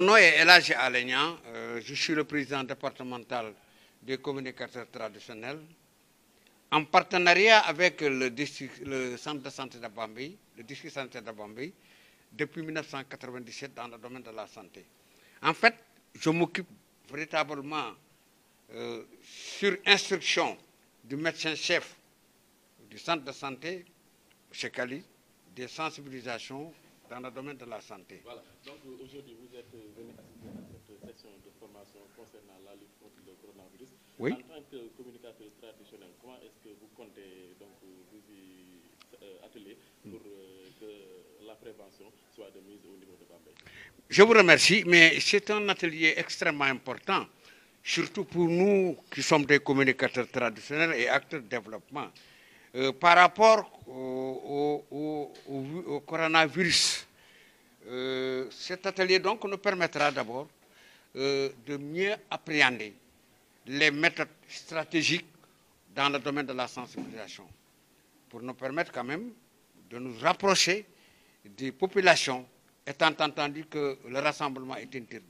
Mon euh, je suis le président départemental des communicateurs traditionnels. En partenariat avec le, district, centre de santé de Bambi, le district de santé de depuis 1997 dans le domaine de la santé. En fait, je m'occupe véritablement euh, sur instruction du médecin-chef du centre de santé, chez Cali, des sensibilisations dans le domaine de la santé. Voilà. Donc euh, aujourd'hui, vous êtes euh, venu assister à cette session de formation concernant la lutte contre le coronavirus. Oui. En tant que communicateur traditionnel, comment est-ce que vous comptez donc, euh, vous y atteler pour que la prévention soit de mise au niveau de Bambay Je vous remercie, mais c'est un atelier extrêmement important, surtout pour nous qui sommes des communicateurs traditionnels et acteurs de développement. Euh, par rapport au au, coronavirus. Euh, cet atelier donc nous permettra d'abord euh, de mieux appréhender les méthodes stratégiques dans le domaine de la sensibilisation pour nous permettre quand même de nous rapprocher des populations étant entendu que le rassemblement est interdit.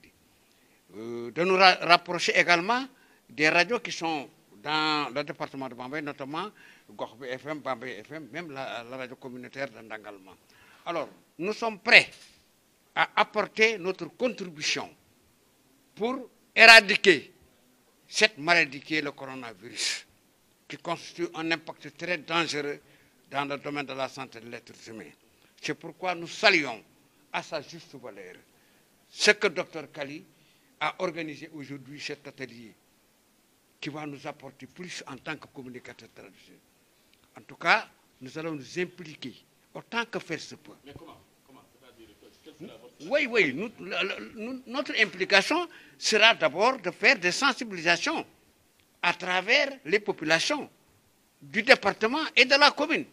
Euh, de nous rapprocher également des radios qui sont dans le département de Bambay, notamment Gorbe FM, Bambay FM, même la, radio communautaire d'Andangalma. Alors, nous sommes prêts à apporter notre contribution pour éradiquer cette maladie qui est le coronavirus, qui constitue un impact très dangereux dans le domaine de la santé de l'être humain. C'est pourquoi nous saluons à sa juste valeur ce que Dr Kali a organisé aujourd'hui cet atelier qui va nous apporter plus en tant que communicateur traditionnel. En tout cas, nous allons nous impliquer autant que faire se peut. Mais comment, oui, oui, notre implication sera d'abord de faire des sensibilisations à travers les populations du département et de la commune.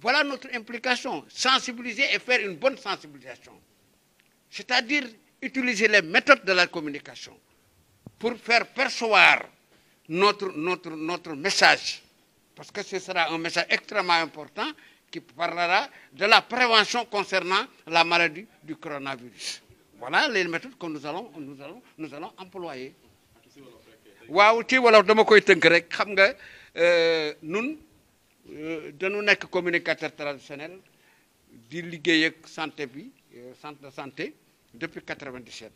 Voilà notre implication, sensibiliser et faire une bonne sensibilisation. C'est-à-dire utiliser les méthodes de la communication pour faire percevoir notre, notre, notre message, parce que ce sera un message extrêmement important qui parlera de la prévention concernant la maladie du coronavirus. Voilà les méthodes que nous allons, nous allons, nous allons employer. waaw ci wolof dama koy tënk rek xam nga euh, nun euh, dañu nekk communicateur traditionnel santé bi euh, centre de santé depuis 97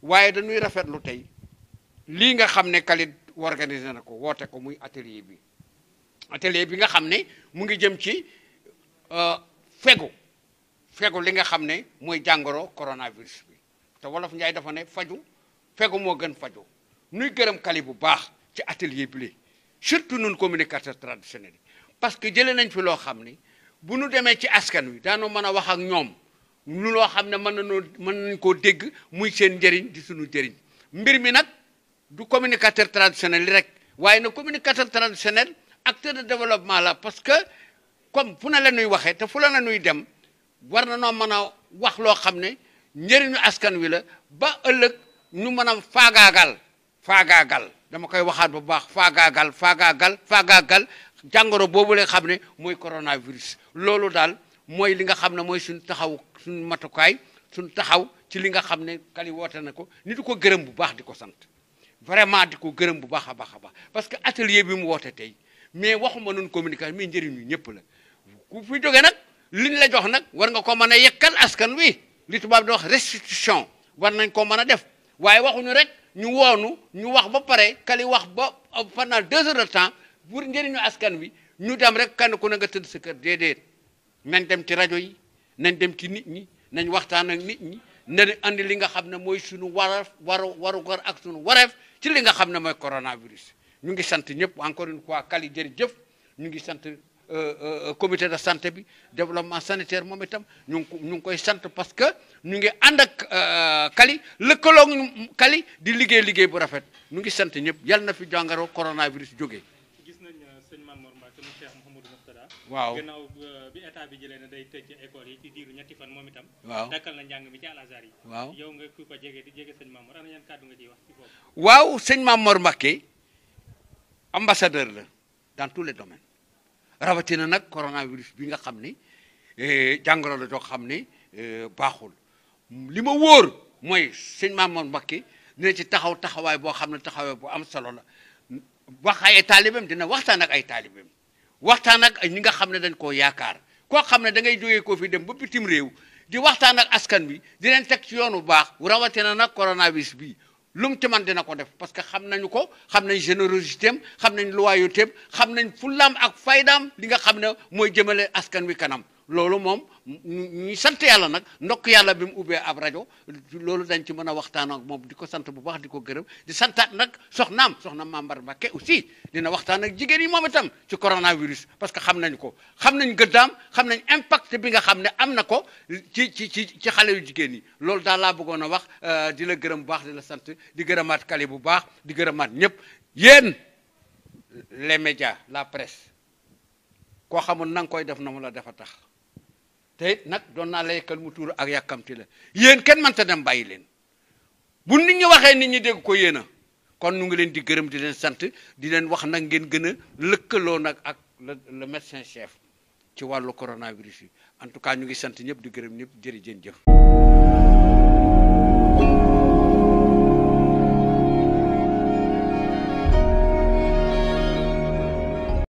waaye dañuy rafetlu tey lii nga organisé na ko woote ko muy atelier bi atelier bi nga xam ne mu ngi jëm ci euh, fegu fegu li nga xam ne mooy jàngoro coronavirus bi te wolof Njaay dafa ne faju fegu moo gën faju nuy gërëm kali bu baax ci atelier bi li surtout nun communicateurs traditionnels parce que jëlee nañ fi loo xam ne bu nu demee ci askan wi daanoo mën a wax ak ñoom lu loo xam ne mën nañoo mën nañ koo dégg muy seen njëriñ di suñu njëriñ mbir mi nag du communicateur traditionnel yi rek waaye na communicateur traditionnel acteur de développement la parce que comme fu na la nuy waxee te fu la la nuy dem war na noo mën a wax loo xam ne njëriñu askan wi la ba ëllëg nu mën a faagaagal faagaagal dama koy waxaat bu baax faagaagal faagaagal faagaagal jàngoro boobu la xam ne mooy coronavirus loolu daal mooy li nga xam ne mooy suñu taxaw suñu matukaay suñu taxaw ci li nga xam ne kali woote na ko ni di ko gërëm bu baax di ko sant vraiment di ko gërëm bu baax a baax parce que atelier bi mu woote tey mais waxuma noonu communication mais njëriñu ñëpp la ku fi jógee nag liñ la jox nag war nga ko mën a yekkal askan wi li tubaab di wax restitution war nañ ko mën a def waaye waxuñu rek ñu woonu ñu wax ba pare kali wax ba pendant deux heures de temps pour njëriñu askan wi ñu dem rek kenn ku ne nga tëdd sa kër déedéet nañ dem ci rajo yi nañ dem ci ni ñi nañ waxtaan ak nit ñi nañ andi li nga xam ne mooy suñu wareef waru warugar ak suñu wareef ci li nga xam ne mooy coronavirus ñu ngi sant ñëpp encore une fois Kali jërëjëf ñu ngi sant euh, euh, comité de santé bi développement sanitaire moom itam ñu ngi ñu ngi koy sant parce que ñu ngi ànd ak euh, Kali lëkkaloo Kali di liggéey liggéey bu rafet ñu ngi sant ñëpp yal na fi jàngoro coronavirus jógee. waaw gannaaw bi état bi jëlee na day tëj école yi ci diiru ñetti fan moom itam waaw dakkal na njàng mi ci alazar yi waaw yow nga ku ko jege di jege sëñ Mamor ana yan kàddu nga ciy wax ci foofu waaw sëñ Mamor Mbacké ambassadeur la dans tous les domaines rawatina nag coronavirus bi nga xam ni eh, jàngoro la joo xam ni eh, baaxul li ma wóor mooy sëñ Mamor Mbacké dina ci taxaw taxawaay boo xam ne taxawaay bu am solo la wax ay dina waxtaan ak ay taalibeem waxtaan ak ñi nga xam ne dañ koo yaakaar koo xam ne da ngay jógee koo fi dem ba bitim réew di waxtaan ak askan wi di leen teg ci yoonu baax rawatina nag coronavirus bi lu mu ci dina ko def parce que xam nañu ko xam nañ générosité am xam nañ loyauté am xam nañ fullaam ak faydaam li nga xam ne mooy jëmale askan wi kanam loolu moom ñuy sant yàlla nag ndokk yàlla bi mu ubbee ab rajo loolu dañ ci mën a waxtaan ak moom di ko sant bu baax di ko gërëm di santaat nag soxnaam soxna Mambar Mbacké aussi dina waxtaan ak jigéen yi moom itam ci coronavirus parce que xam nañ ko xam nañ gëddaam xam nañ impact bi nga xam ne am na ko ci ci ci ci xale yu jigéen yi loolu daal laa bëggoon a wax euh, di la gërëm bu baax di la sant di gërëmaat kali bu baax di gërëmaat ñëpp yéen les médias la presse koo xamul na nga koy def na mu la dafa tax te nag doon naa la yekkal mu tuur ak yàkkamti la yéen kenn mënta dem bàyyi leen bu nit ñi waxee nit ñi dégg ko yéen a kon nu ngi leen di gërëm di leen sant di leen wax nag ngeen gën a lëkkaloo nag ak le médecin chef ci wàllu coronavirus yi en tout cas ñu ngi sant ñëpp di gërëm ñëpp jërëjëf jëf